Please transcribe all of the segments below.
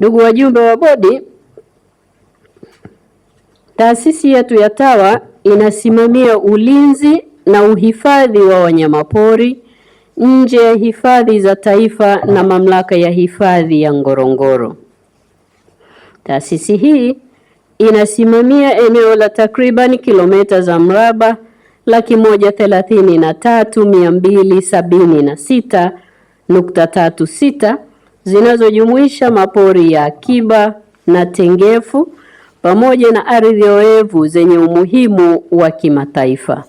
Ndugu wajumbe wa bodi, taasisi yetu ya TAWA inasimamia ulinzi na uhifadhi wa wanyamapori nje ya hifadhi za taifa na mamlaka ya hifadhi ya Ngorongoro. Taasisi hii inasimamia eneo la takriban kilomita za mraba laki moja thelathini na tatu mia mbili sabini na sita nukta tatu sita zinazojumuisha mapori ya akiba na tengefu pamoja na ardhi oevu zenye umuhimu wa kimataifa.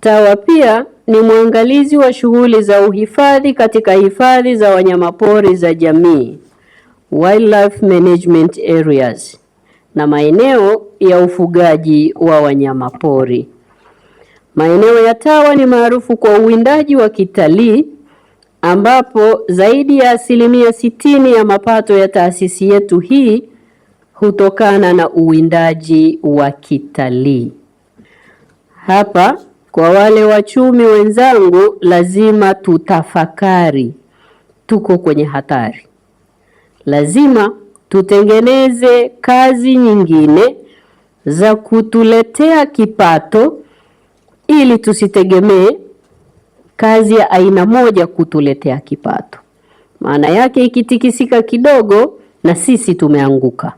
TAWA pia ni mwangalizi wa shughuli za uhifadhi katika hifadhi za wanyamapori za jamii wildlife management areas na maeneo ya ufugaji wa wanyamapori. Maeneo ya TAWA ni maarufu kwa uwindaji wa kitalii ambapo zaidi ya asilimia sitini ya mapato ya taasisi yetu hii hutokana na uwindaji wa kitalii. Hapa kwa wale wachumi wenzangu, lazima tutafakari, tuko kwenye hatari. Lazima tutengeneze kazi nyingine za kutuletea kipato ili tusitegemee kazi ya aina moja kutuletea kipato. Maana yake ikitikisika kidogo, na sisi tumeanguka.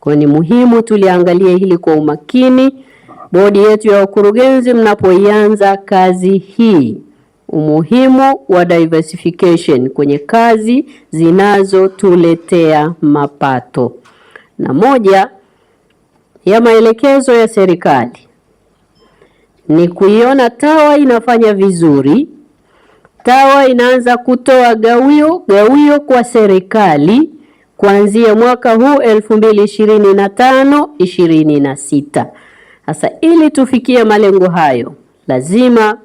Kwa ni muhimu tuliangalie hili kwa umakini. Bodi yetu ya wakurugenzi, mnapoianza kazi hii, umuhimu wa diversification kwenye kazi zinazotuletea mapato, na moja ya maelekezo ya serikali ni kuiona tawa inafanya vizuri, tawa inaanza kutoa gawio gawio kwa serikali kuanzia mwaka huu 2025 mbili na sita. Sasa ili tufikie malengo hayo, lazima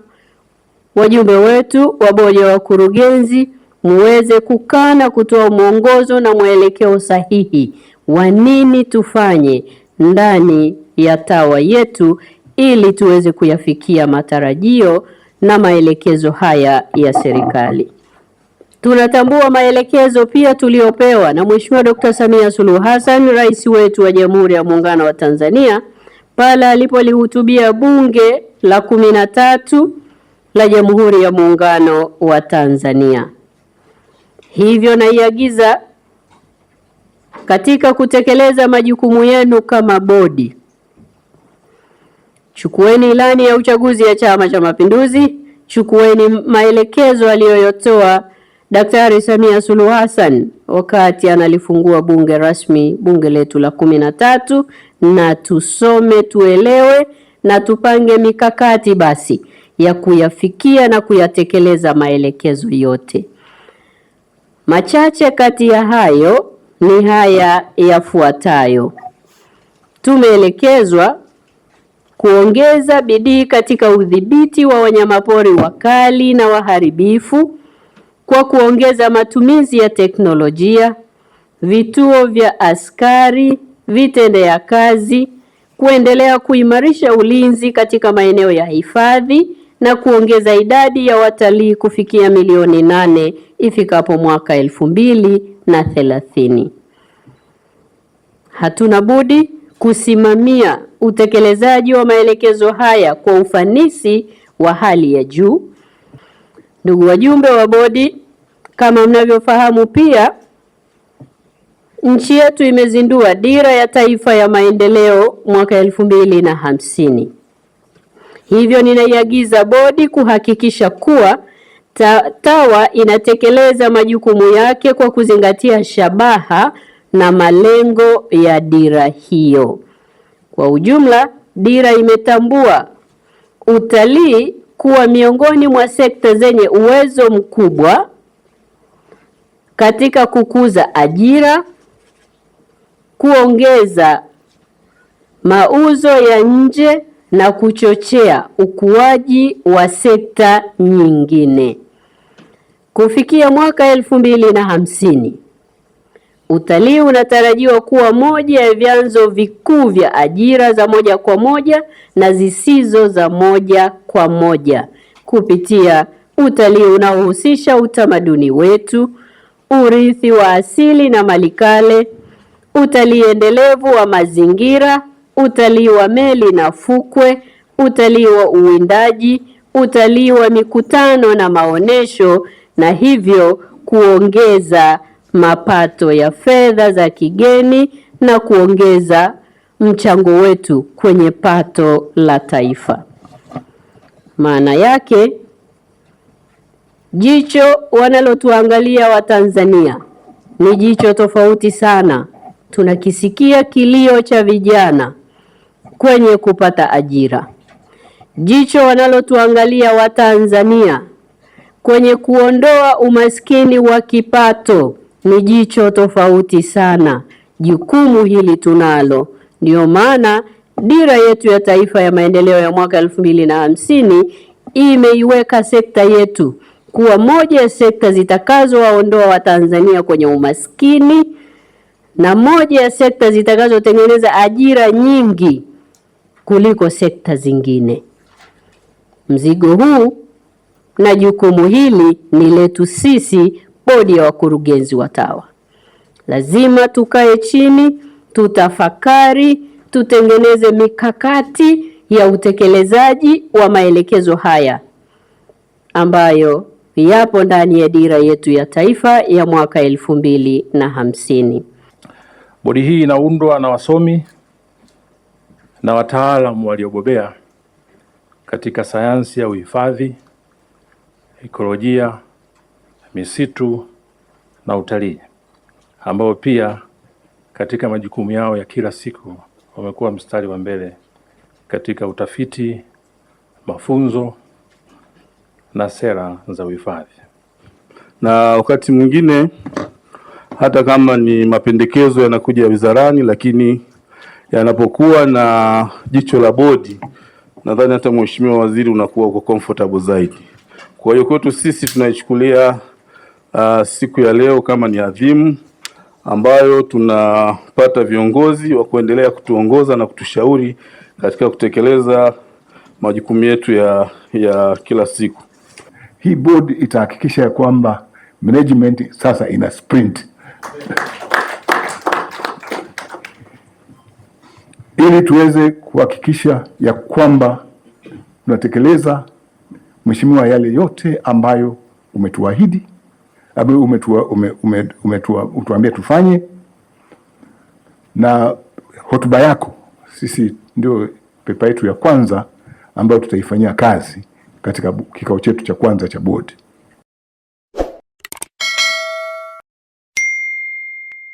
wajumbe wetu wa bodi ya wakurugenzi muweze kukaa na kutoa mwongozo na mwelekeo sahihi wa nini tufanye ndani ya tawa yetu ili tuweze kuyafikia matarajio na maelekezo haya ya serikali. Tunatambua maelekezo pia tuliyopewa na Mheshimiwa Dkt. Samia Suluhu Hassan, rais wetu wa Jamhuri ya Muungano wa Tanzania pale alipolihutubia Bunge la kumi na tatu la Jamhuri ya Muungano wa Tanzania. Hivyo naiagiza katika kutekeleza majukumu yenu kama bodi Chukueni ilani ya uchaguzi ya Chama cha Mapinduzi, chukueni maelekezo aliyoyotoa Daktari Samia Suluhu Hassan wakati analifungua bunge rasmi, bunge letu la kumi na tatu, na tusome tuelewe na tupange mikakati basi ya kuyafikia na kuyatekeleza maelekezo yote. Machache kati ya hayo ni haya yafuatayo. Tumeelekezwa kuongeza bidii katika udhibiti wa wanyamapori wakali na waharibifu kwa kuongeza matumizi ya teknolojia, vituo vya askari, vitendea kazi, kuendelea kuimarisha ulinzi katika maeneo ya hifadhi na kuongeza idadi ya watalii kufikia milioni nane ifikapo mwaka elfu mbili na thelathini. Hatuna budi kusimamia utekelezaji wa maelekezo haya kwa ufanisi wa hali ya juu. Ndugu wajumbe wa bodi, kama mnavyofahamu pia nchi yetu imezindua dira ya taifa ya maendeleo mwaka elfu mbili na hamsini. Hivyo ninaiagiza bodi kuhakikisha kuwa ta TAWA inatekeleza majukumu yake kwa kuzingatia shabaha na malengo ya dira hiyo. Kwa ujumla, dira imetambua utalii kuwa miongoni mwa sekta zenye uwezo mkubwa katika kukuza ajira, kuongeza mauzo ya nje na kuchochea ukuaji wa sekta nyingine. Kufikia mwaka elfu mbili na hamsini Utalii unatarajiwa kuwa moja ya vyanzo vikuu vya ajira za moja kwa moja na zisizo za moja kwa moja kupitia utalii unaohusisha utamaduni wetu, urithi wa asili na malikale, utalii endelevu wa mazingira, utalii wa meli na fukwe, utalii wa uwindaji, utalii wa mikutano na maonesho na hivyo kuongeza mapato ya fedha za kigeni na kuongeza mchango wetu kwenye pato la taifa. Maana yake jicho wanalotuangalia Watanzania ni jicho tofauti sana. Tunakisikia kilio cha vijana kwenye kupata ajira. Jicho wanalotuangalia Watanzania kwenye kuondoa umaskini wa kipato ni jicho tofauti sana. Jukumu hili tunalo, ndiyo maana dira yetu ya taifa ya maendeleo ya mwaka elfu mbili na hamsini imeiweka sekta yetu kuwa moja ya sekta zitakazowaondoa Watanzania kwenye umaskini na moja ya sekta zitakazotengeneza ajira nyingi kuliko sekta zingine. Mzigo huu na jukumu hili ni letu sisi bodi ya wakurugenzi wa TAWA. Lazima tukae chini, tutafakari, tutengeneze mikakati ya utekelezaji wa maelekezo haya ambayo yapo ndani ya dira yetu ya taifa ya mwaka elfu mbili na hamsini. Bodi hii inaundwa na wasomi na wataalamu waliobobea katika sayansi ya uhifadhi, ekolojia misitu na utalii, ambao pia katika majukumu yao ya kila siku wamekuwa mstari wa mbele katika utafiti, mafunzo na sera za uhifadhi. Na wakati mwingine hata kama ni mapendekezo yanakuja wizarani, lakini yanapokuwa na jicho la bodi, nadhani hata mheshimiwa waziri unakuwa uko comfortable zaidi. Kwa hiyo kwetu sisi tunaichukulia uh, siku ya leo kama ni adhimu ambayo tunapata viongozi wa kuendelea kutuongoza na kutushauri katika kutekeleza majukumu yetu ya, ya kila siku. Hii board itahakikisha ya kwamba management sasa ina sprint ili tuweze kuhakikisha ya kwamba tunatekeleza mheshimiwa, yale yote ambayo umetuahidi labda umetuambia ume, ume, ume, ume tufanye, na hotuba yako sisi ndio pepa yetu ya kwanza ambayo tutaifanyia kazi katika kikao chetu cha kwanza cha bodi.